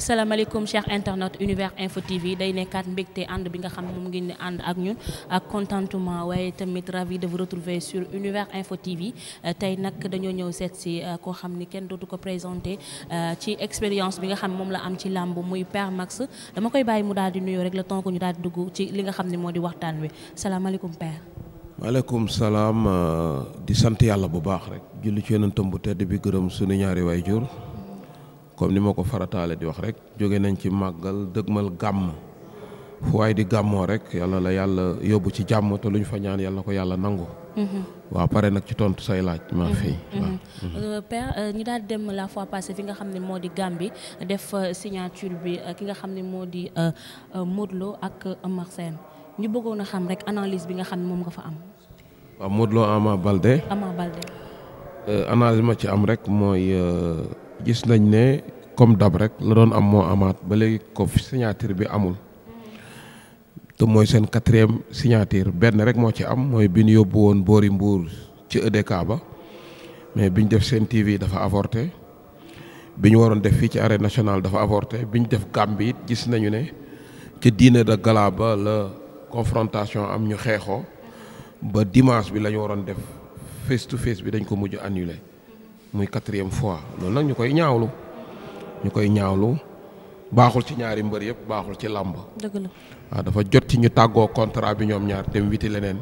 salaamaaleykum chers internautes univers info TV day nekkaat mbégte ànd bi nga xam ne moom ngeen di ànd ak ñu ak contentement waaye tamit ravi de vous retrouver sur univers info TV tey nag dañoo ñëw seet si euh, koo xam ni kenn dootu ko présenté euh, ci expérience bi nga xam moom la am ci làmb muy Père Max dama koy bàyyi mu daal di nuyoo rek la temps ñu daal di dugg ci li nga xam ne moo di waxtaan wi salaamaaleykum Père. maaleykum salaam euh, di sant yàlla bu baax rek. julli ci yonentam bu tedd bi gërëm suñu ñaari waay jur comme ni ma ko farataale di wax rek jóge nañ ci màggal dëgmal gàmm fu waaye di gàmmoo rek yàlla la yàlla yóbbu ci jàmm te lu ñu fa ñaan yàlla ko yàlla nangu. Mhm. waaw pare nag ci tontu say laaj. maa mhm. fi mhm. waaw. Euh, père euh, ñu daal dem la fois passée fi nga xam ne moo di Gambie def euh, signature bi ki nga xam ne moo di Modou ak Eumeu Sène ñu bëggoon a xam rek analise bi nga xam ne moom nga fa am. waaw Modou Lo Balde. Ama Balde. analyse ma ci am rek mooy. gis nañ ne comme dab rek la doon am moo amaat ba léegi ko signature bi amul te mooy seen quatrième signature benn rek moo ci am mooy bi ñu yóbbu woon boori mbuur ci EDK ba mais bi ñu def seen TV dafa avorté bi ñu waroon def fii ci arène national dafa avorté bi ñu def Gambie it gis nañu ne ci dîner de gala la confrontation am ñu xeexoo ba dimanche bi la ñu waroon def face to face bi dañ ko mujj annulé. muy quatrième fois loolu nag ñu koy ñaawlu ñu koy ñaawlu baaxul ci ñaari mbër yëpp baaxul ci làmb dëgg la waaw ah, dafa jot ci ñu tàggoo contrat bi ñoom ñaar dem witi leneen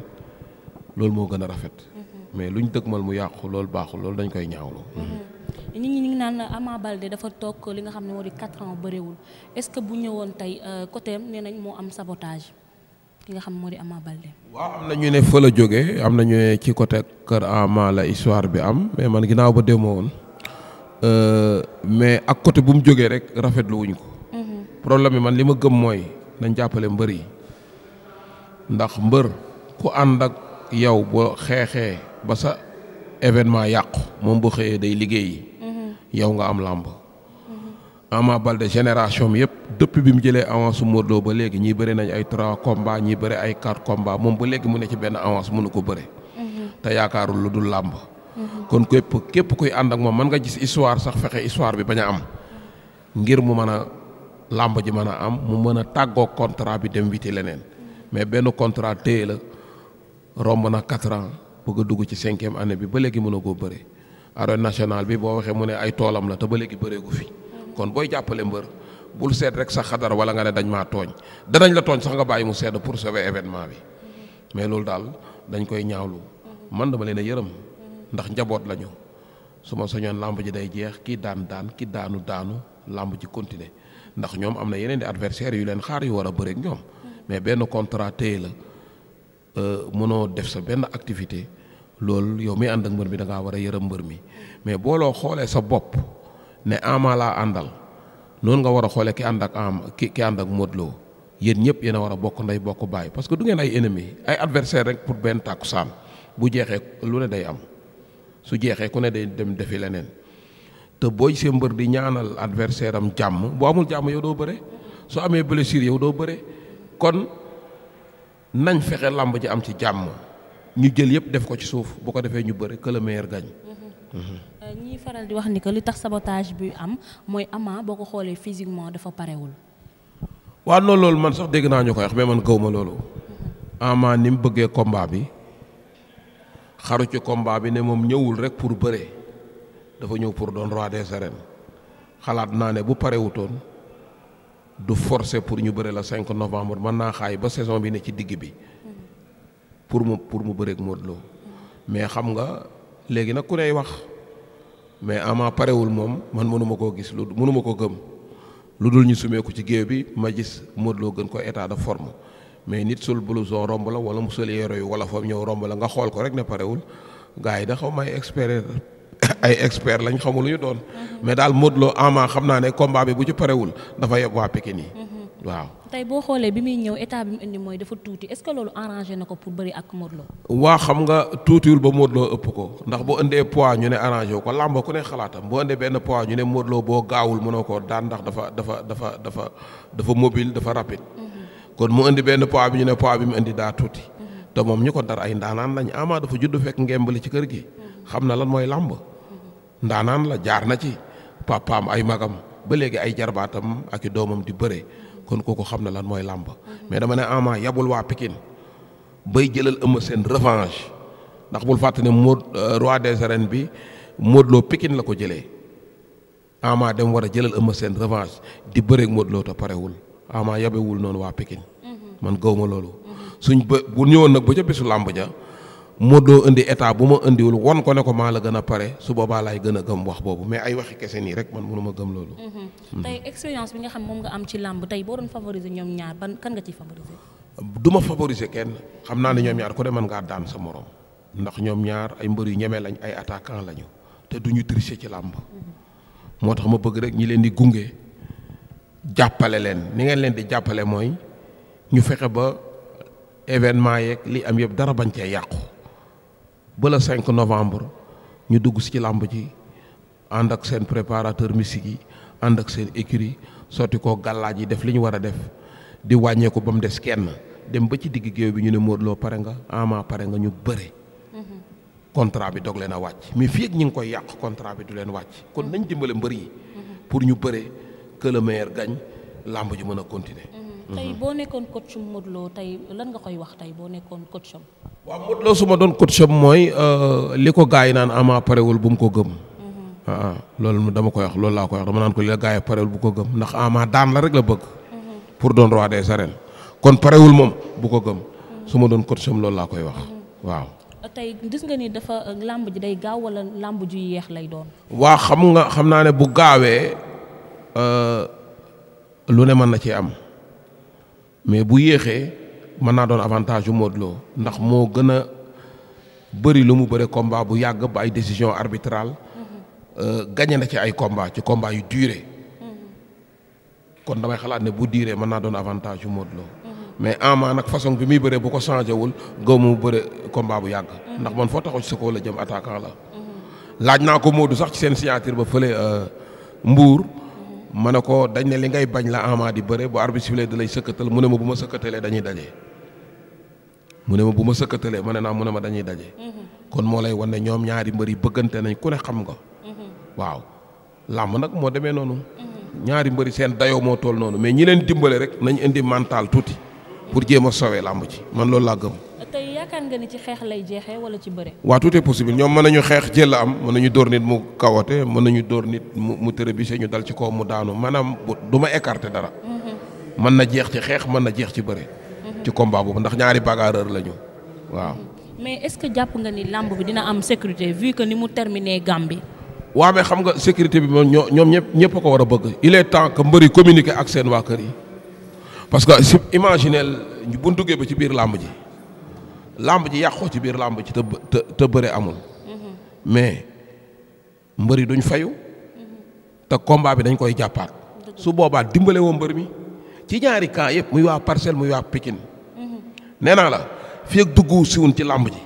loolu moo gën a rafet. Mm-hmm. mais lu luñ dëgmal mu yàqu loolu baaxul loolu dañ koy ñaawlu. Mm-hmm. nit ñi ñu ngi naan Ama Baldé dafa toog li nga xam ne moo di quatre ans bëriwul est-ce que bu ñëwoon tey euh, côté nee nañ moo am sabotage. ki nga xam moo di Ama Baldé. waaw am na ñu ne fa a jóge am na ñu ne ci côté Kër Ama la histoire bi am mais man ginaaw ba demoo woon euh, mais ak côté bu mu jógee rek rafetlu wuñ ko. Mhm. problème bi man li ma gëm mooy nañ jàppale mbër yi ndax mbër ku ànd ak yow boo xeexee ba sa événement yàqu moom bu xëyee day liggéeyi. Mhm. yow nga am làmb Ama Baldé génération bi yëpp depuis bi mu jëlee avance Modou ba léegi ñii bëri nañ ay trois combats ñii bëri ay quatre combats moom ba léegi mu ne ci benn avance mënu ko bëre. Mhm. te yaakaaru lu dul làmb. Mhm. kon képp képp kuy ànd ak moom mën nga gis histoire sax fexe histoire bi bañ a am. ngir mu mën a làmb ji mën a am mu mën a tàggoo contrat bi dem witi leneen mais benn contrat téye la romb na quatre ans bëgg a dugg ci cinquième année bi ba léegi mën a koo bëre. arène nationale bi boo waxee mu ne ay toolam la ba léegi bëreegu fi. kon booy jàppale mbër bul seet rek sa xadar wala nga ne dañ maa tooñ danañ la tooñ sax nga bàyyi mu sedd pour sauver événement bi mais loolu daal dañ koy ñaawlu man dama leen a yërëm ndax njaboot lañu su ma soñoon làmb ji day jeex kii daan daan ki daanu daanu làmb ji continuer ndax ñoom am na yeneen di adversaires yu leen xaar yu war a bëreek ñoom mais benn contrat téye la euh, mënoo def sa benn activité loolu yow mi ànd ak mbër mi da war a yërëm mbër mi mais booloo xoolee sa bopp. ne Ama laa àndal noonu nga war a xoolee ki ànd ak Ama ki ki ànd ak Modou Lo yéen ñëpp yéen a war a bokk ndey bokk baay parce que du ngeen ay ennemis ay adversaire rek pour benn tàkkusaan bu jeexee lu ne day am su jeexee ku ne day dem defi leneen te booy see mbër di ñaanal adversaire am jàmm bu amul jàmm yow doo bëre su amee blessure yow doo bëre kon nañ fexe làmb ji am ci jàmm ñu jël yëpp def ko ci suuf bu ko defee ñu bëre que le Euh, ñiy faral di wax ni que li tax sabotage bi am mooy Ama boo ko xoolee physiquement dafa parewul. waaw noonu loolu man sax dégg naa ñu koy wax man gëw ma loolu. Ama ni mu bëggee combat bi xaru ci combat bi ne moom ñëwul rek pour bëre dafa ñëw pour doon roi des arènes xalaat naa ne bu parewutoon du forcer pour ñu bëre la 5 novembre man naa xaay ba saison bi ne ci digg bi mm-hmm. pour mu pour mu bëreeg Modou loo mm-hmm. mais xam nga. léegi nag ku ney wax mais Ama parewul moom man mënuma koo gis lu mënuma ko gëm lu dul ñu sumeeku ci géew bi ma gis Modou Lo gën ko état de forme mais nit sul blouson romb la wala mu sol yére yu wala foofu ñëw romb la nga xool ko rek ne parewul gars yi da xaw ma ay expert ay expert lañ xamul lu ñu doon mhm. mais daal Modou Lo Ama xam naa ne combat bi bu ci parewul dafa yeb waa Pikine yi mhm. waaw tey boo xoolee bi muy ñëw état bi mu indi mooy dafa tuuti est-ce que loolu arrangé na ko pour bëri ak Modou Lo. waa xam nga tuutiwul ba Modou ëpp ko ndax boo indee poids ñu ne arrangé wu ko làmb ku ne xalaatam boo indee benn poids ñu ne Modou boo gaawul mënoo ko daan ndax dafa dafa dafa dafa dafa mobile dafa rapide. Mhm. kon mu indi benn poids bi ñu ne poids bi mu indi daa tuuti. Mhm. te moom ñu ko dar ay ndaanaan lañ ama dafa juddu fekk ngembali ci kër gi. Mhm. xam na lan mooy làmb. ndaanaan la jaar na ci papaam ay magam ba léegi ay jarbaatam ak doomam di bëre. kon kooku xam na lan mooy làmb mais dama ne Ama yabul waa Pikine bay jëlal Eumeu Sène revanche ndax bul fàtte ne Mod euh, roi des arènes bi Modou pikin la ko jëlee Ama dem war a jëlal Eumeu Sène revanche di bëreeg Modou Lo te parewul Ama yabewul noonu waa pikin mhm. man gawma loolu suñ ba bu ñëwoon nag ba ca bisu làmb ja moo doo indi état bu ma indiwul won ko ne ko maa la gën a pare su boobaa laay gën a gëm wax boobu mais ay waxi kese nii rek man mënu ma gëm loolu. Mm-hmm. tey expérience bi nga xam am ci làmb tey boo doon favoriser ñoom ñaar ban kan nga ciy favoriser. du kenn xam naa ne ñoom ñaar ku ne mën ngaa daan sa morom ndax ñoom ñaar ay mbër yu ñeme lañu ay attaquant lañu te du ñu tricher ci làmb. Mm-hmm. moo tax ma bëgg rek ñi leen di gunge jàppale leen ni ngeen leen di jàppale mooy ñu fexe ba événement yeeg li am yëpp dara bañ cee yàqu. ba le 5 novembre ñu dugg si ci làmb ji ànd ak seen préparateur mystique yi ànd ak seen écurie sotti koo gàllaaj yi def li ñu war a def di wàññeeku ba mu des kenn dem ba ci digg géew bi ñu ne Modou pare nga Ama pare nga ñu bëre. Mm-hmm. contrat bi dog leen a wàcc mi fii ak ñi ngi koy yàq contrat bi du leen wàcc kon nañ dimbale mbër yi. Mm-hmm. pour ñu bëre que gañ làmb ji mën a continuer. Mm-hmm. tey boo nekkoon coach Modou tey lan nga koy wax tey boo nekkoon coach waaw Modou Lo su ma doon coach am mooy euh, li ko gars yi naan Ama parewul bu mu ko gëm. Mm-hmm. ah loolu dama koy wax loolu laa koy wax dama naan ko li la gars yi parewul bu ko gëm ndax Ama daan la rek la bëgg. Mm-hmm. pour doon roi des arènes kon parewul moom bu ko gëm. Mm-hmm. su ma doon coach am loolu laa koy wax waaw. tey gis nga ni dafa euh, làmb ji day gaaw wala làmb ju yeex lay doon. waa xam nga xam naa ne bu gaawee euh, lu ne mën na ci am mais bu yéexee mën naa doon avantage yu Modou ndax moo gën a bëri lu mu bëre combat bu yàgg ba ay décision arbitrale euh, gagné na ci ay combat ci combat yu duré kon damay xalaat ne bu duré mën naa doon avantage yu Modou Lo mais Ama nag façon bi muy bëree bu ko changé wul gaw mu bëre combat bu yàgg ndax man foo taxaw ci sa kaw la jëm attaquant la laaj naa ko Modou sax ci seen signature ba fële euh, mbuur ma ne ko dañ ne li ngay bañ la Ama di bëre bu arbitre sifflé da lay sëkkatal mu ne ma bu ma sëkkatalee dañuy daje mu ne ma bu ma sëkkatalee ma ne naa mu ne ma dañuy daje. kon moo lay wan ñoom ñaari mbër yi bëggante nañ ku ne xam nga. waaw làmb nag moo demee noonu. ñaari mbëri seen dayoo moo tool noonu mais ñi leen dimbale rek nañu indi mental tuuti pour jéem a sowee làmb ci man loolu laa gëm. tey yaakaar nga ni ci xeex lay jeexee wala ci bëre. waaw tout est ñoom mën nañu xeex jël la am mën nañu dóor nit mu kawote mën nañu dóor nit mu mu tërëbise ñu dal ci kaw mu daanu maanaam du ma écarter dara. Mm-hmm. mën na jeex ci xeex mën na jeex ci bëre. ci combat boobu ndax ñaari bagarreur lañu waaw. mais est-ce que jàpp nga ni làmb bi dina am sécurité vu que ni mu terminé Gambie. waa mais xam nga sécurité bi moom ñoom ñëpp ñëpp ko war a bëgg il est temps que mbëri communiquer ak seen waa kër yi parce que si imaginel bu ñu ba ci biir làmb ji làmb ji yàqoo ci biir làmb ji te amul. Mm-hmm. mais mbëri duñ fayu. Mm-hmm. te combat bi dañ koy jàppaat. su boobaa dimbale woo mbër mi ñaari camp yëpp muy waa parcelle nee naa la fi ak dugg siwun ci làmb ji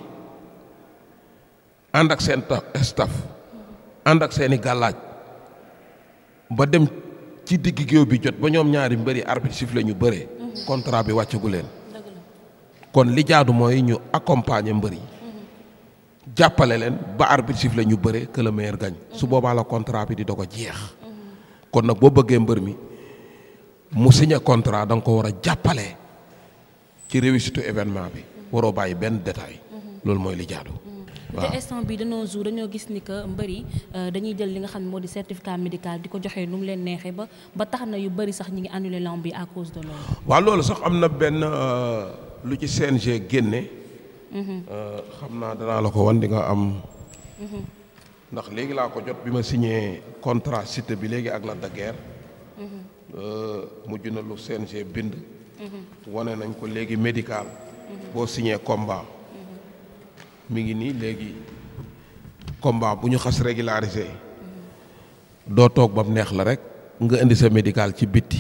ànd ak seen staff ànd ak seeni gàllaaj ba dem ci digg géew bi jot ba ñoom ñaari mbëri arbitre sifflé ñu bëree contrat bi wàccagu leen kon li jaadu mooy ñu accompagner mbër yi jàppale leen ba arbitre sifflé ñu bëree que gañ su boobaa la contrat bi di doog a jeex kon nag boo bëggee mbër mi mu signé contrat da nga ko war a jàppale ci réussite événement bi waroo bàyyi benn détail loolu mooy li jaadu. waaw te instant bi dañoo jour dañoo gis ni que mbëri euh, dañuy jël li nga xam ne moo di certificat médical di ko joxee nu mu leen neexee ba ba tax na yu bëri sax ñi ngi annulé lamb bi à cause de loolu. waaw loolu sax am na benn euh, lu ci CNG génne. Mhm. Euh, xam naa danaa la ko wan di nga am. Mhm. ndax léegi laa ko jot bi ma signé contrat cité bi léegi ak la de guerre. Mhm. mujj na lu CNG bind. wane nañ ko léegi médical boo signé combat mi ngi nii léegi combat bu ñu xas régularisé doo toog ba mu neex la rek nga indi sa médical ci bitti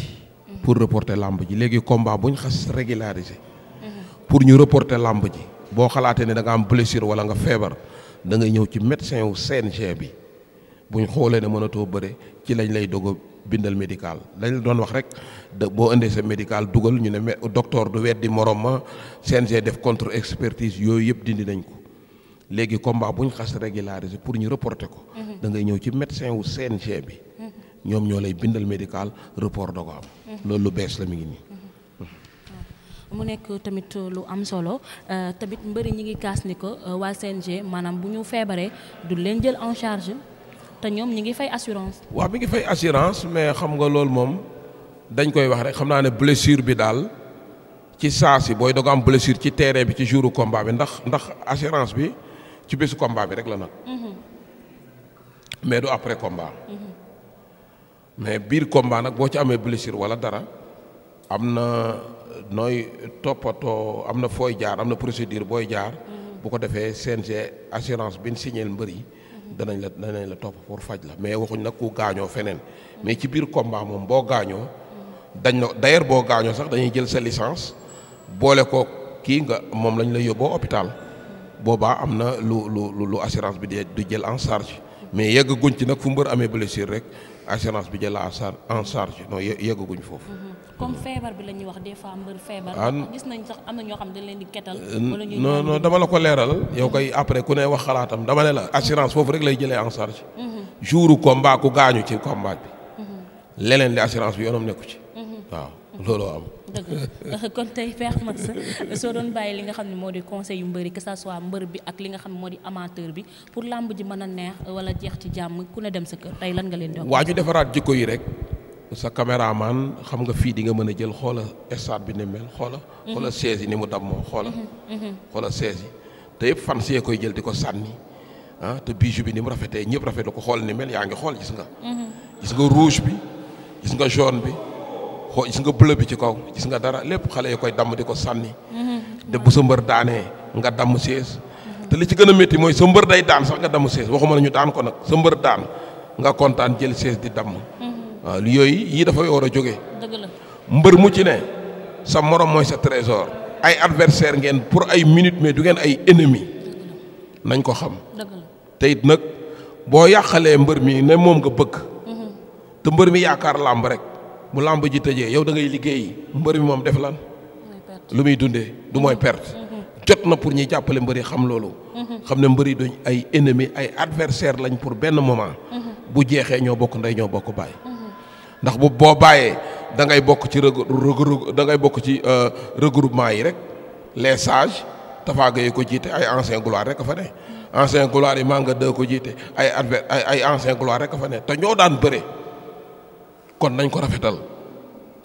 pour reporter làmb ji léegi combat bu ñu xas régularisé pour ñu reporter làmb ji boo xalaatee ne danga am blessure wala nga feebar da ngay ñëw ci médecin wu seen CNG bi buñ xoolee ne mënatoo bëre ci lañ lay dogo bindal médical lañ doon wax rek de boo indee sa médical dugal ñu ne docteur du weddi morom ma CNG def contre expertise yooyu yëpp dindi nañ ko léegi combat buñ xas régulariser pour ñu reporter ko. Mhm. da ngay ñëw ci médecin wu CNG bi. Mhm. ñoom ñoo lay bindal médical report da ko am. Mhm. loolu lu bees la mi ngi nii. mu nekk tamit lu am solo euh, tamit mbëri ñi ngi kaas ni ko euh, waa CNG maanaam bu ñu feebaree te ñoom ñi ngi fay assurance. waa mi ngi fay assurance mais xam nga loolu moom dañ koy wax rek xam naa ne blessure bi daal ci saa si booy doog am blessure ci terrain bi ci jouru combat bi ndax ndax assurance bi ci bésu combat bi rek la nag. Mm-hmm. mais du après combat. Mm-hmm. mais biir combat nag boo ci amee blessure wala dara am na nooy toppatoo am na fooy jaar am na procédure booy jaar. Mm-hmm. bu ko defee CNG assurance bi ñu signé mbër yi danañ la danañ la topp pour faj la mais waxuñ nag ku gaañoo feneen mais ci biir combat boo gaañoo dañ la d'ailleurs boo gaañoo sax dañuy jël sa licence boole ko kii nga moom lañ la yóbboo hôpital boobaa am na lu lu lu assurance bi di du jël en charge mais yegg guñ ci nag fu mbër amee blessure rek assurance bi jël en charge non yeggaguñ foofu. Mm-hmm. comme feebar bi la ñuy wax des fois mbër feebar. Ah, gis nañ sax am na ñoo xam dañ leen di ketal. Euh, wala dama la ko leeral. yow koy après ku ne wax xalaatam dama ne la assurance foofu rek lay jëlee en charge. Mm-hmm. jouru combat ku gaañu ci combat bi. Mm-hmm. leneen li assurance bi yoonam nekku ci. waaw looloo am. dëgg kon tey Père Massa soo doon bàyyi li nga xam ne moo di conseil yu mbëri que ça soit mbër bi ak li nga xam ne moo di amateur bi pour làmb ji mën a neex wala jeex ci jàmm ku ne dem sa kër tey lan nga leen di wax. waa ñu defaraat jikko yi rek sa caméraman xam nga fii di nga mën a jël xoola stade bi ni mel xoola. Mhm. xoola chaise yi ni mu dam moom xoola. Mhm, mhm. xoola chaise yi te yëpp fan see koy jël di ko sànni ah te bijou bi ni mu rafetee ñëpp rafetlu ko xool ni mel yaa ngi xool gis nga. gis nga rouge bi. xoo gis nga bleu bi ci kaw gis nga dara lépp xale yi koy damm di ko sànni. de bu sa mbër daanee nga damm sées. Mhm. te li ci gën a métti mooy sa mbër day daan sax nga damm sées waxuma la ñu daan ko nag sa mbër daan nga kontaan jël sées di damm. Mhm. waaw lu yooyu yii dafa war a jóge. mbër mu ci ne sa morom mooy sa trésor. ay adversaire ngeen pour ay minutes mais du ngeen ay ennemis nañ ko xam. dëgg te it nag boo yàqalee mbër mi ne moom nga bëgg. Mhm. te mbër mi yaakaar làmb rek. bu làmb ji tëjee yow da ngay liggéey mbër mi moom def lan lu muy dundee du mooy perte mm-hmm. jot na pour ñuy jàppale mbër yi xam loolu mm-hmm. xam ne mbër yi duñ ay ennemi ay adversaire lañ pour benn moment mm-hmm. bu jeexee ñoo bokk ndey ñoo bokk baay ndax bu boo bàyyee da ngay bokk ci regroupe da ngay bokk ci euh, regroupement yi rek les sages Tapha Gueye ko jiite ay ancien gloire rek a fa ne ancien gloire yi Manga 2 ko jiite ay adver ay ancien gloire rek a fa ne te ñoo daan bëre kon nañ ko rafetal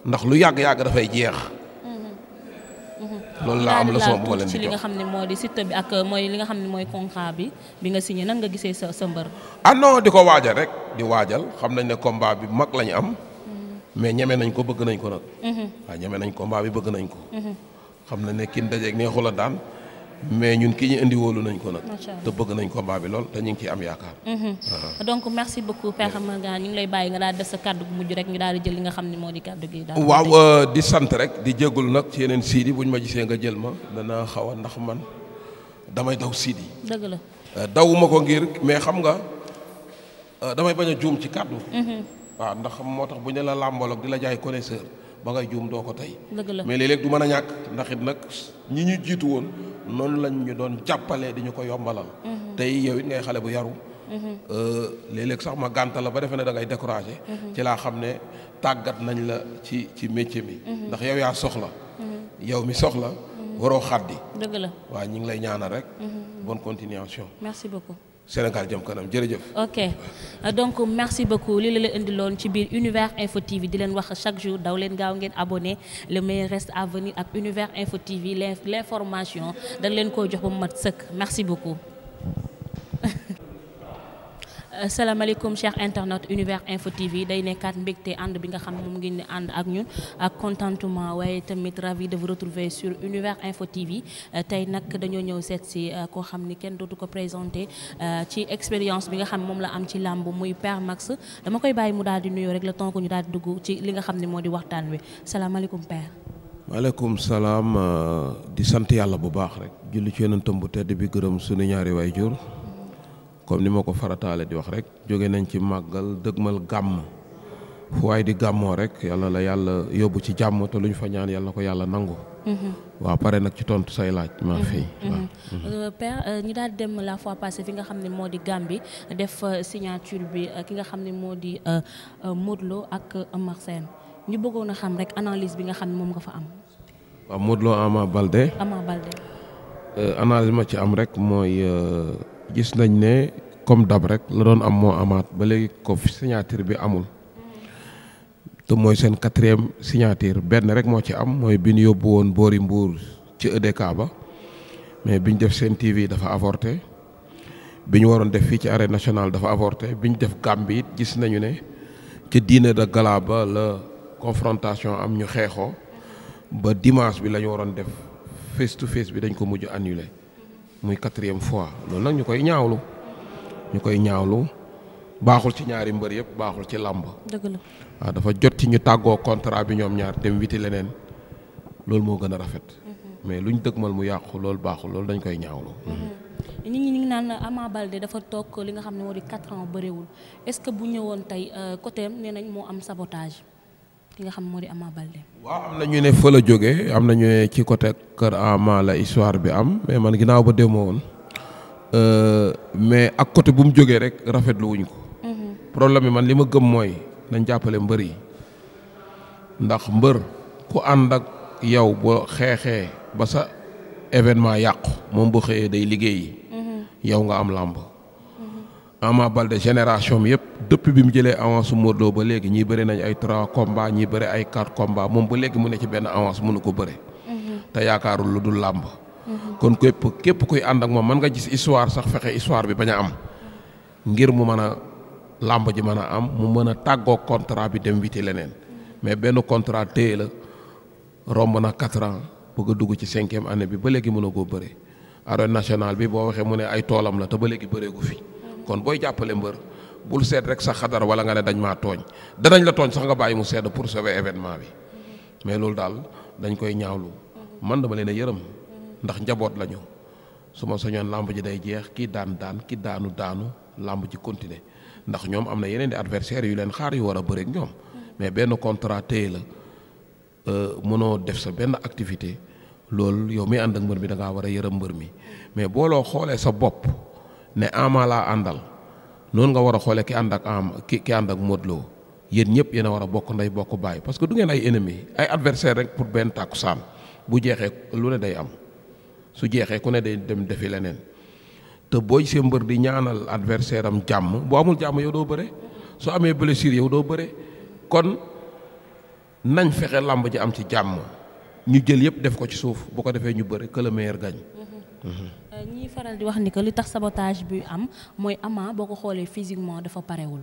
ndax lu yàgg-yàgg dafay jeex. Mm-hmm. loolu laa mm-hmm. am la bu ma leen di xam ne moo di Siteu bi ak euh, mooy li nga xam ne mooy contrat bi bi nga signé nan nga gisee sa sa mbër. ah non di ko waajal rek di waajal xam nañ ne combat bi mag lañu am. Mm-hmm. mais ñeme nañ ko bëgg nañ ko nag. waaw ñeme nañ combat bi bëgg nañ ko. xam na ne kin dajeeg neexul a daan. mais ñun ki ñu indi wóolu nañ ko nag. te bëgg nañ combat bi lool te ñu ngi ciy am yaakaar. Mhm. Uh-huh. donc merci beaucoup Père Amalgane ñu ngi lay bàyyi nga daal def sa kàddu gu mujj rek ñu daal di jël li nga xam ne moo di kàddu gi. daal waaw euh, di sant rek di jégalu nag ci yeneen siidi buñ ma gisee nga jël ma dana xaw a ndax man damay daw siidi. dëgg la euh, dawuma ko ngir mais xam nga euh, damay bañ a juum ci kàddu. Mhm. waaw ndax moo tax bu ñu la làmbool ak jaay connaisseur. ba ngay juum doo ko tey mais léeg du mën a ñàkk ndax it nag ñi ñu jiitu woon noonu lañ ñu doon jàppale di ñu ko yombalal mhm. tey yow it ngay xale bu yaru mhm. euh, léeg-léeg sax ma gànta la ba defe ne dangay ngay mhm. ci laa xam ne tàggat nañ la ci ci métier mi ndax yow yaa soxla yow mi soxla waroo xaddi dëgg la waaw ñu ngi lay ñaanal rek bonne continuation Sénégal jëm kanam jërëjëf. ok donc merci beaucoup li la la indiloon ci biir Univers Info TV di leen wax chaque jour daw leen gaaw ngeen abonné le meilleur reste à venir ak Univers Info TV l' formation dañ leen koo jox ba mu mat sëkk merci beaucoup. salaamaaleykum chers internet univers info TV day nekkaat mbégte ànd bi nga xam moom ngeen di ànd ak ñun ak contentement waaye tamit ravi de vous retrouver sur univers info TV euh, tey nag dañoo ñëw seet si euh, koo xam ni kenn dootu ko présenté euh, ci expérience bi nga xam moom la am ci làmb muy Père Max dama koy bàyyi mu daal di nuyoo rek la temps ñu daal di dugg ci li nga xam ne moo di waxtaan wi salaamaaleykum Père. maaleykum salaam di sant yàlla bu baax rek. julli ci yonentam bu tedd bi gërëm sunu ñaari waay comme li ma ko farataale di wax rek jóge nañ ci màggal dëgmal gàmm fu waaye di gàmmoo rek yàlla la yàlla yóbbu ci jàmm te lu ñu fa ñaan yàlla ko yàlla nangu. Mhm. waaw pare nag ci tontu say laaj. maa mhm. fi mhm. waaw. Euh, père euh, ñu daal dem la fois passée fi nga xam ne moo di bi def euh, signature bi ki nga xam ne moo di Modou ak Eumeu Sène ñu bëggoon a xam rek analise bi nga xam ne moom nga fa am. waaw Modou Lo Ama Balde. Ama Balde. analyse ma ci am rek mooy. gis nañ ne comme dab rek na doon am moo amaat ba léegi ko signature bi amul te mooy seen quatrième signature benn rek moo ci am mooy bi ñu yóbbu woon boori mbuur ci EDK ba mais bi ñu def seen TV dafa avorté bi ñu waroon def fii ci arène nationale dafa avorté bi ñu def Gambie gis nañu ne ci diine de gala la confrontation am ñu xeexoo ba dimanche bi lañu waroon def face to face bi dañ ko mujj annulé muy quatrième fois loolu nag ñu koy ñaawlu ñu koy ñaawlu baaxul ci ñaari mbër yëpp baaxul ci làmb dëgg la waaw ah, dafa jot ci ñu tàggoo contrat bi ñoom ñaar dem witi leneen loolu moo gën a rafet. Mm-hmm. mais lu luñ mal mu yàqu loolu baaxul loolu dañ koy ñaawlu. Mm-hmm. Mm-hmm. nit ñi ñu ngi naan Ama Baldé dafa toog li nga xam ne moo di quatre ans bëriwul est-ce que bu ñëwoon tey euh, côté nee nañ moo am sabotage. ki xam moo di Ama waaw am na ñu ne fa la jógee am na ñu ne ci côté Kër Ama la histoire bi am mais man ginaaw ba demoo woon euh, mais ak côté bu mu jógee rek rafetlu wuñ ko. Mhm. problème bi man li ma gëm mooy nañ jàppale mbër yi ndax mbër ku ànd ak yow boo xeexee ba sa événement yàqu moom bu xëyee day liggéeyi. Mhm. yow nga am làmb. Mhm. Ama Baldé génération bi yëpp. depuis bi mu jëlee avance Modou Lo ba léegi ñii bëri nañ ay trois combats ñii bëri ay quatre combats moom ba léegi mu ne ci benn avance mënu ko bëre. Mhm. te yaakaaru lu dul làmb. Mhm. kon képp képp kuy ànd ak moom mën nga gis histoire sax fexe histoire bi bañ a am. ngir mu mën a làmb ji mën a am mu mën a tàggoo contrat bi dem witi leneen mais benn contrat téye la romb na quatre ans bëgg a dugg ci cinquième année bi ba léegi mën koo bëre. arène nationale bi boo waxee mu ne ay toolam la te ba léegi bëreegu fi mhm. kon booy jàppale mbër. bul seet rek sa xadar wala nga ne dañ maa tooñ danañ la tooñ sax nga bàyyi mu sedd pour sauver événement bi mais loolu daal dañ koy ñaawlu man dama leen a yërëm ndax njaboot lañu su ma soñoon làmb ji day jeex kii daan daan ki daanu daanu làmb ji continuer ndax ñoom am na yeneen di adversaires yu leen xaar yu war a bëreek ñoom mais benn contrat téye la euh, mënoo def sa benn activité loolu yow mii ànd ak mbër mi dangaa war a yërëm mbër mi mais booloo xoolee sa bopp ne ama laa àndal noonu nga war a xoolee ki ànd ak am ki ki ànd ak Modou Lo yéen ñëpp yéen war a bokk ndey bokk baay parce que du ngeen ay ennemis ay adversaire rek pour benn tàkku saan bu jeexee lu ne day am su jeexee ku ne day dem defi leneen te booy see mbër di ñaanal adversaire am jàmm bu amul jàmm yow doo bëre su amee blessure yow doo bëre kon nañ fexe làmb ji am ci jàmm ñu jël yëpp def ko ci suuf bu ko defee ñu bëre que gañ ñiy faral di wax ni que li tax sabotage bi am mooy Ama boo ko xoolee physiquement dafa parewul.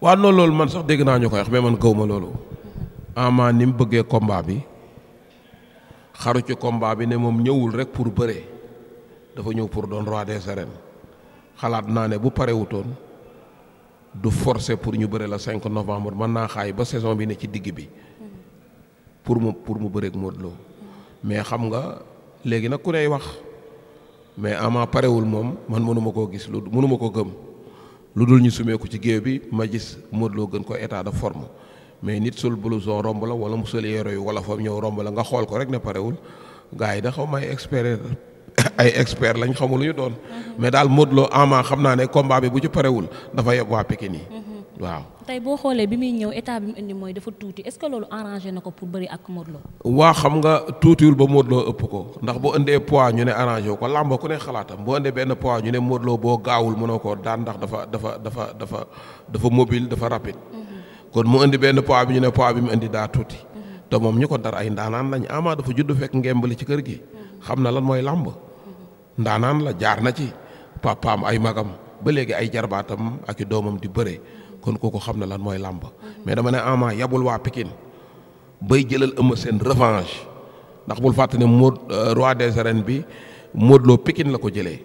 waaw noonu loolu man sax dégg naa ñu koy wax mais man gaw ma loolu. Ama ni mu bëggee kombaa bi xaru ci combat bi ne moom ñëwul rek pour bëre dafa ñëw pour doon roi des arènes xalaat naa ne bu parewutoon du forcer pour ñu bëre la 5 novembre mën naa xaay ba saison bi ne ci digg bi pour mu pour mu bëreeg Modou Lo mais xam nga léegi nag ku ney wax. mais Ama parewul moom man mënuma koo gis lu mënuma koo gëm lu dul ñu sumeeku ci géew bi ma gis Modou Lo gën ko état de form mais nit sol blouson romb la wala mu sol yére yu wala fam ñëw romb la nga xool ko rek ne parewul gars yi da xaw ma ay expert ay expert lañ xamul lu ñu doon mhm. mais daal Modou Lo Ama xam naa ne combat bi bu ci parewul dafa yeb waa Pikine yi mhm. waaw tey boo xoolee bi muy ñëw état bi mu indi mooy dafa tuuti est-ce que loolu arrangé na ko pour bëri ak Modou waa xam nga tuutiwul ba Modou Lo ëpp ko ndax boo indee poids ñu ne arrangé ko làmb ku ne xalaatam boo indee benn poids ñu ne Modou boo gaawul mënoo ko daan ndax dafa dafa dafa dafa dafa mobile dafa rapide. Mhm. kon mu indi benn poids bi ñu ne poids bi mu indi daa tuuti. Mhm. te moom ñu ko dara ay ndaanaan lañ ama dafa juddu fekk ngembali ci kër gi. Mhm. xam na lan mooy làmb. ndaanaan la jaar na ci papaam ay magam ba léegi ay jarbaatam ak i doomam di bëre. kon kooku xam na lan mooy làmb mais dama ne Ama yabul waa Pikine bay jëlal Eumeu Sène revanche ndax bul fàtte ne Mod euh, roi des arènes bi Modou pikin la ko jëlee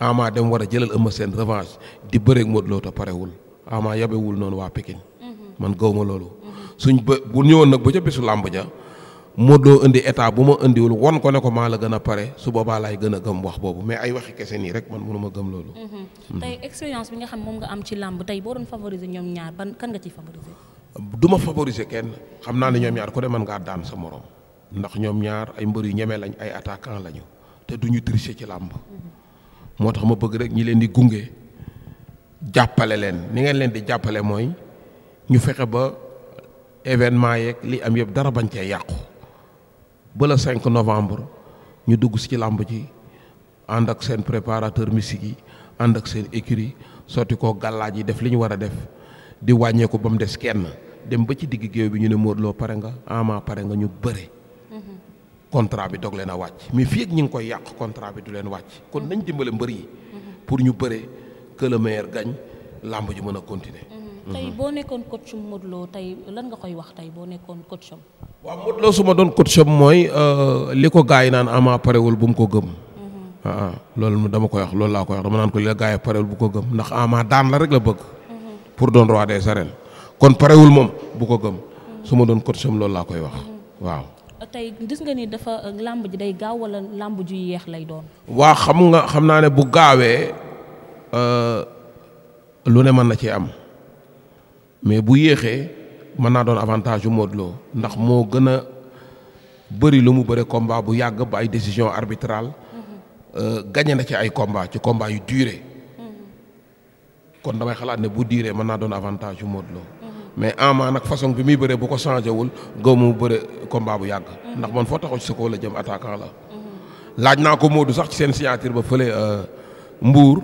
Ama dem war a jëlal Eumeu Sène revanche di bëreek Modou Lo parewul Ama yabewul noonu waa pikin mhm. man ma loolu suñ ba bu ñëwoon nag ba ca bisu làmb ja moo doo indi état bu ma indiwul won ko ne ko maa la gën a pare su boobaa laay gën a gëm wax boobu mais ay waxi kese nii rek man mënu ma gëm loolu. Mhm. tey expérience bi nga xam moom am ci làmb tey boo doon favoriser ñoom ñaar ban kan nga ciy favoriser. du ma favoriser kenn xam naa ne ñoom ñaar ku ne mën ngaa daan sa morom ndax ñoom ñaar ay mbër yu ñeme lañ ay attaquant lañu te du ñu tricher ci làmb. Mhm. moo tax ma bëgg rek ñi leen di gunge jàppale leen ni ngeen leen di jàppale mooy ñu fexe ba événement yeeg li am yëpp dara bañ cee yàqu. ba le 5 novembre ñu dugg si ci làmb ji ànd ak seen préparateur musique yi ànd ak seen écurie sotti koo gàllaaj yi def li ñu war a def di wàññeeku ba mu des kenn dem ba ci digg géew bi ñu ne Modou pare nga Ama pare nga ñu bëre. Mm-hmm. contrat bi dog leen a wàcc mais fii ak ñi ngi koy yàq contrat bi du leen wàcc kon nañ dimbale mbër yi. Mm-hmm. pour ñu bëre que gañ meilleur ji mën a continuer. Mm-hmm. tey boo nekkoon coach Modou Lo tey lan nga koy wax tey boo nekkoon coach am waaw Modou Lo su ma doon coach am mooy euh, li ko gars yi naan Ama parewul bu mu ko gëm. Mm-hmm. Ah, loolu dama koy wax loolu laa koy wax dama naan ko li la gars parewul bu ko gëm ndax Ama daan la rek la bëgg. Mm-hmm. pour doon roi des arènes kon parewul moom bu ko gëm. Mm-hmm. su ma doon coach am loolu laa koy wax waaw. tey gis nga ni dafa làmb ji day gaaw wala làmb ju yeex lay doon. waa xam nga xam naa ne bu gaawee euh, lu ne mën na ci am mais bu yéexee mën naa doon avantage yu Modou ndax moo gën a bëri lu mu bëre combat bu yàgg ba ay décision arbitrale euh, gagné na ci ay combat ci combat yu duré kon damay xalaat ne bu duré mën naa doon avantage yu Modou Lo mais Ama nag façon bi muy bëree bu ko changé wul gaw mu bëre combat bu yàgg ndax man foo taxaw ci sa la jëm attaquant la laaj naa ko Modou sax ci seen signature ba fële euh, mbuur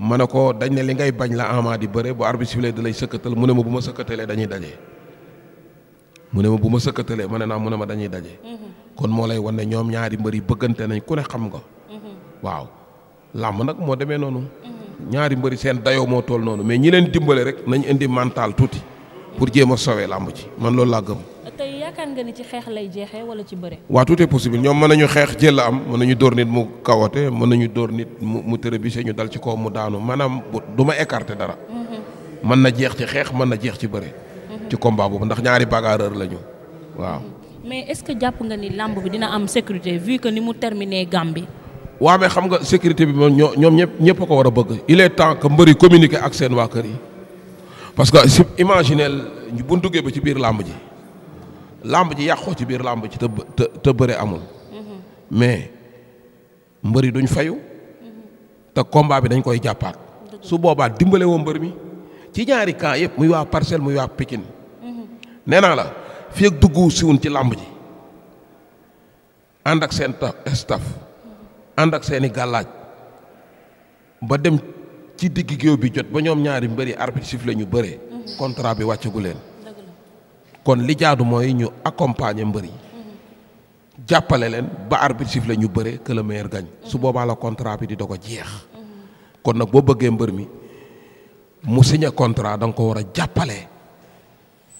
ma ne ko dañ ne li ngay bañ la Ama di bëre bu arbitre sifflé da lay sëkkatal mu ne ma bu ma sëkkatalee dañuy daje mu ne ma bu ma sëkkatalee ma ne naa mu ne ma dañuy daje. kon moo lay wan ne ñoom ñaari mbër yi bëggante nañ ku ne xam nga. waaw làmb nag moo demee noonu. ñaari mbëri seen dayoo moo tool noonu mais ñi leen dimbale rek nañu indi mental tuuti. pour jéem a sowee làmb ci man loolu laa gëm. tey yaakaar nga ni ci xeex lay jeexee wala ci bëre. waaw tout est ñoom mën nañu xeex jël la am mën nañu dóor nit mu kawote mën nañu dóor nit mu mu tërëbise ñu dal ci kaw mu daanu maanaam du ma écarter dara. Mm-hmm. mën na jeex ci xeex mën na jeex ci bëre. ci combat boobu ndax ñaari bagarreur lañu waaw. mais est-ce que jàpp nga ni làmb bi dina am sécurité vu que ni mu terminé Gambie. waaw mais xam nga sécurité bi moom ñoom ñëpp ñëpp ko war a bëgg il temps que mbëri communiquer ak seen waa kër yi parce que si imaginel bu ñu ba ci biir làmb ji làmb ji yàqoo ci biir làmb ji te te te bëre mm-hmm. mbëri duñ fayu. Mm-hmm. te combat bi dañ koy jàppaat. su boobaa dimbale woo mbër mi ñaari camp yëpp muy waa parcelle nee naa la fii ak dugg siwun ci làmb ji ànd ak seen staff ànd ak seeni gàllaaj ba dem ci digg géew bi jot ba ñoom ñaari mbëri arbitre sifflé ñu bëree contrat bi wàccagu leen kon li jaadu mooy ñu accompagner mbër yi jàppale leen ba arbitre sifflé ñu bëree que le su boobaa la contrat bi di doog a jeex kon nag boo bëggee mbër mi mu signé contrat da nga ko war a jàppale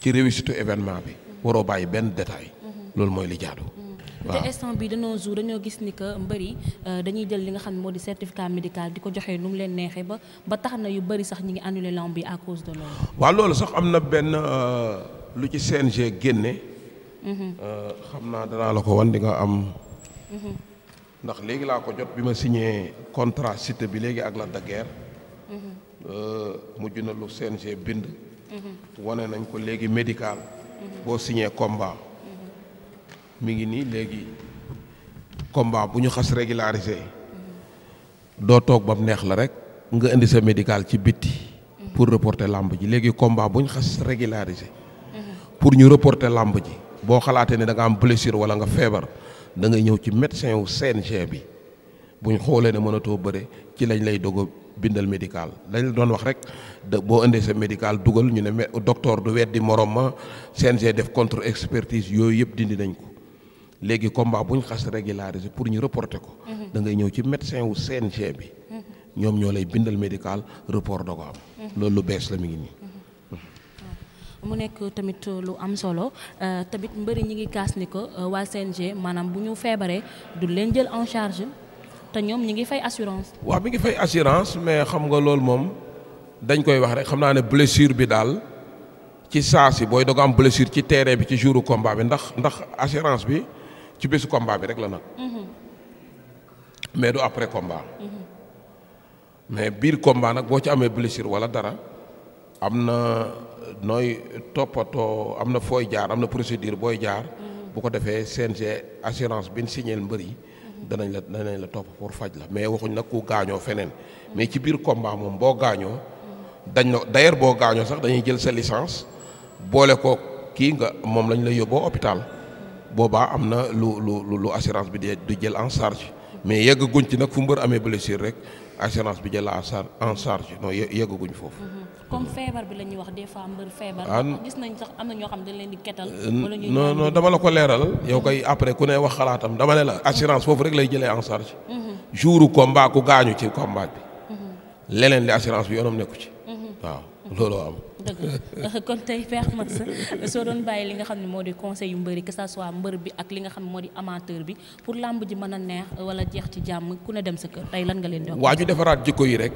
ci réussite événement bi waroo bàyyi benn détail loolu mooy li jaadu. Mm-hmm. waaw te instant bi dañoo jour dañoo gis ni que mbëri euh, dañuy jël li nga xam ne moo di certificat médical di ko joxee nu mu leen neexee ba ba tax na yu bëri sax ñi ngi annulé lamb bi à cause de loolu. waaw loolu sax am na benn euh, lu ci CNG génne. Mm-hmm. Euh, xam naa danaa la ko wan di nga am. Mm-hmm. ndax léegi laa ko jot bi ma signé contrat cité bi léegi ak la de guerre. mujj na lu CNG bind. wane nañ ko léegi médical boo siñee combat mi ngi nii léegi combat bu ñu xas régularisé doo toog ba mu neex la rek nga indi sa médical ci bitti pour reporter làmb ji léegi combat bu ñu xas régularisé pour ñu reporter làmb ji boo xalaatee ne da nga am blessure wala nga feebar da ngay ñëw ci médecin wu seen CNG bi bu xoolee ne mënatoo bëre ci lañ lay dogo bindal médical lañ la doon wax rek de boo indee sa médical dugal ñu ne docteur du weddi morom ma CNG def contre expertise yooyu yëpp dindi nañ ko léegi combat bu ñu xas régulariser pour ñu reporter ko. Mhm. da ñëw ci médecin wu CNG bi. Mhm. ñoom ñoo lay bindal médical report da ko am. Mhm. loolu bees la mi ngi nii. mu nekk tamit lu am solo euh, tamit mbëri ñi ngi kaas ni ko euh, waa CNG maanaam bu ñu feebaree du leen jël en te ñoom ñi ngi fay assurance. waaw mi ngi fay assurance mais xam nga loolu moom dañ koy wax rek xam naa ne blessure bi daal ci saa si booy doog am blessure ci terrain bi ci jouru combat bi ndax ndax assurance bi ci bésu combat bi rek la nag. Mm-hmm. mais du après combat. Mm-hmm. mais biir combat nag boo ci amee blessure wala dara am na nooy toppatoo am na fooy jaar am na procédure booy jaar. Mm-hmm. bu ko defee CNG assurance bi ñu signé mbër yi danañ la danañ la topp pour faj la mais waxuñ nag ku gaañoo feneen mais ci biir combat moom boo gaañoo dañ na d'ailleurs boo gaañoo sax dañuy jël sa licence boole ko kii nga moom lañ la yóbboo hôpital boobaa am na lu lu lu assurance bi di du jël en charge mais yegg guñ ci nag fu mbër amee blessure rek assurance bi jël en charge non yeggaguñ foofu. Mm-hmm. comme feebar bi la wax des mbër feebar. Ah, gis nañ sax am na ñoo xam dañ leen di ketal. wala ñuy dama la ko leeral. yow koy après ku ne wax xalaatam dama ne la assurance foofu rek lay jëlee en charge. Mm-hmm. jour combat ku gaañu ci combat bi. Mm-hmm. leneen li assurance bi yoonam nekku ci waaw. looloo am. dëgg kon tey Père Max soo doon bàyyi li nga xam ne moo di conseil yu mbëri que sa soit mbër bi ak li nga xam ne moo di amateur bi pour làmb ji mën a neex wala jeex ci jàmm ku ne dem sa kër tey lan nga leen di wax. waa ñu defaraat jikko yi rek.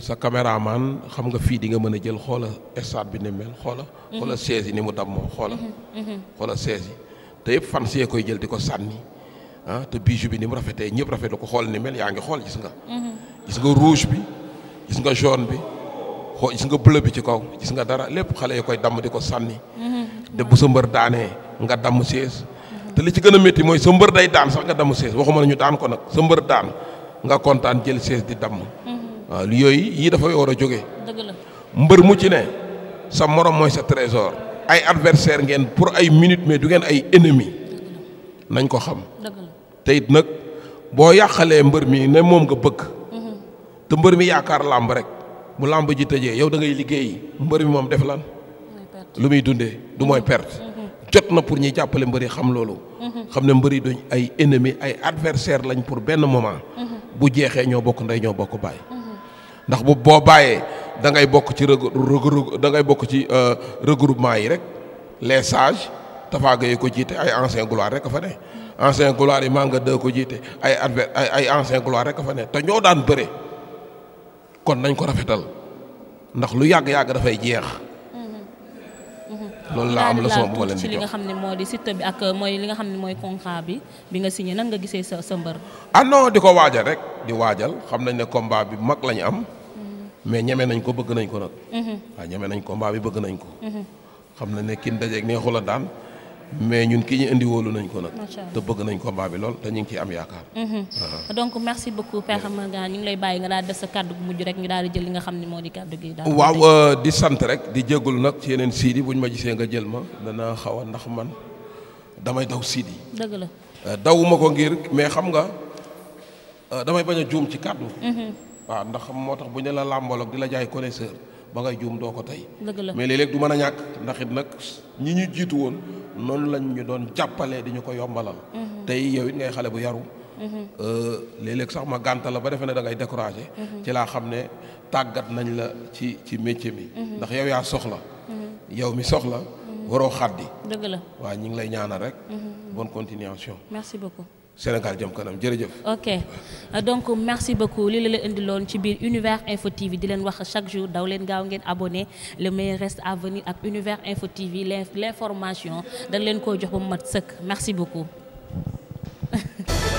sa caméraman xam nga fii di nga mën a jël xoola stade bi ni mel xoola. Mhm. xoola chaise yi ni mu dammoo xoola. Mhm, mhm. xoola chaise yi te yëpp fan see koy jël di ko sànni ah te bijou bi ni mu rafetee ñëpp rafetlu ko xool mel yaa ngi xool gis nga. gis nga bi. xoo gis nga bleu bi ci kaw gis nga dara lépp xale yi koy damm di ko sànni. de bu sa mbër daanee nga damm sées. te li ci gën a métti mooy sa mbër day daan sax nga damm sées waxuma la ñu daan ko nag sa mbër daan nga kontaan jël sées di damm. waaw li yooyu yii dafa war a jóge mbër mu ci ne sa morom mooy sa trésor ay adversaire ngeen pour ay minutes mais du ngeen ay ennemis nañ ko xam. dëgg te it nag boo yàqalee mbër mi ne moom nga bëgg. Mhm. te mbër mi yaakaar làmb rek. bu làmb ji tëjee yow da ngay liggéey mbër mi moom def lan lu muy dundee du mooy perte mhm. jot na pour ñuy jàppale mbër yi xam loolu mhm. xam ne mbër yi duñ ay ennemi ay adversaire lañ pour benn moment mhm. bu jeexee ñoo bokk ndey ñoo bokk baay ndax bu boo bàyyee da ngay bokk ci regroupe da ngay bokk ci euh, regroupement yi rek les sages Tapha Gueye ko jiite ay ancien gloire rek a fa ne ancien gloire yi Manga 2 ko jiite ay adver ay ancien gloire rek a fa ne te ñoo daan bëre kon nañ ko rafetal ndax lu yàgg yàgg dafay jeex. Mm-hmm. loolu laa am leçon bu ma leen di jox xam ne moo di site bi ak mooy li nga xam ne mooy contrat bi bi nga signé nan nga gisee sa sa mbër. ah non di ko waajal rek di waajal xam nañ ne combat bi mag lañu am. Mm-hmm. mais ñeme nañ ko bëgg nañ ko nag. waaw mm-hmm. ah, ñeme nañ combat bi bëgg nañ ko. xam ne kin dajeeg neexul daan. mais ñun ki ñu indi wóolu nañ ko nag. te bëgg nañ combat bi lool te ñu ngi ciy am yaakaar. Mm-hmm. Uh-huh. donc merci beaucoup Père Amangan ñu ngi lay bàyyi nga daal def sa kàddu gu mujj rek ñu daal di xam ne moo di kàddu gi. daal waaw euh, di sant rek di jégalu nag ci yeneen siid bu buñ ma gisee nga jël ma dana xaw a ndax man damay daw siid yi. dëgg la euh, dawuma ko ngir mais xam nga euh, damay bañ a juum ci kàddu. Mm-hmm. waaw ndax moo tax bu ñu la làmbool ak di la jaay connaisseur. ba ngay juum doo ko tey mais léeg-léeg du mën a ñàkk ndax it nag ñi ñu jiitu woon noonu lañ ñu doon jàppalee di ñu ko yombalal mhm. tey yow it ngay xale bu yaru mhm. euh, léeg-léeg sax ma gànta la ba defe ne dangay ngay mhm. ci laa xam ne tàggat nañ la ci ci métier mi ndax yow yaa soxla yow mi soxla waroo xaddi dëgg la waaw ñu ngi lay ñaanal rek bonne continuation Sénégal jëm kanam jërëjëf. ok donc merci beaucoup li la la indiloon ci biir Univers Info TV di leen wax chaque jour daw leen gaaw ngeen abonné le meilleur rest à venir ak Univers Info TV l'information dañ leen koo jox ba mu mat sëkk merci beaucoup.